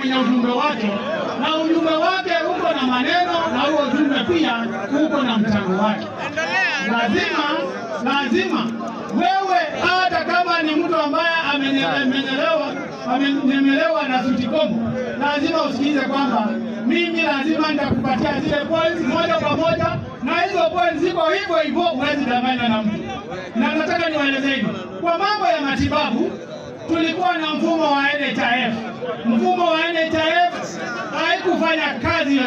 kwenye ujumbe wake, na ujumbe wake uko na maneno na huo ujumbe pia uko na mchango wake. Lazima lazima wewe, hata kama ni mtu ambaye amenyelewa amenyemelewa na sutikomo, lazima usikilize kwamba mimi lazima nitakupatia zile points moja kwa moja, na hizo points ziko hivyo hivyo, huwezi danganywa na mtu. Na nataka niwaeleze hivi, kwa mambo ya matibabu tulikuwa na mfumo wa NHIF mfumo kufanya kazi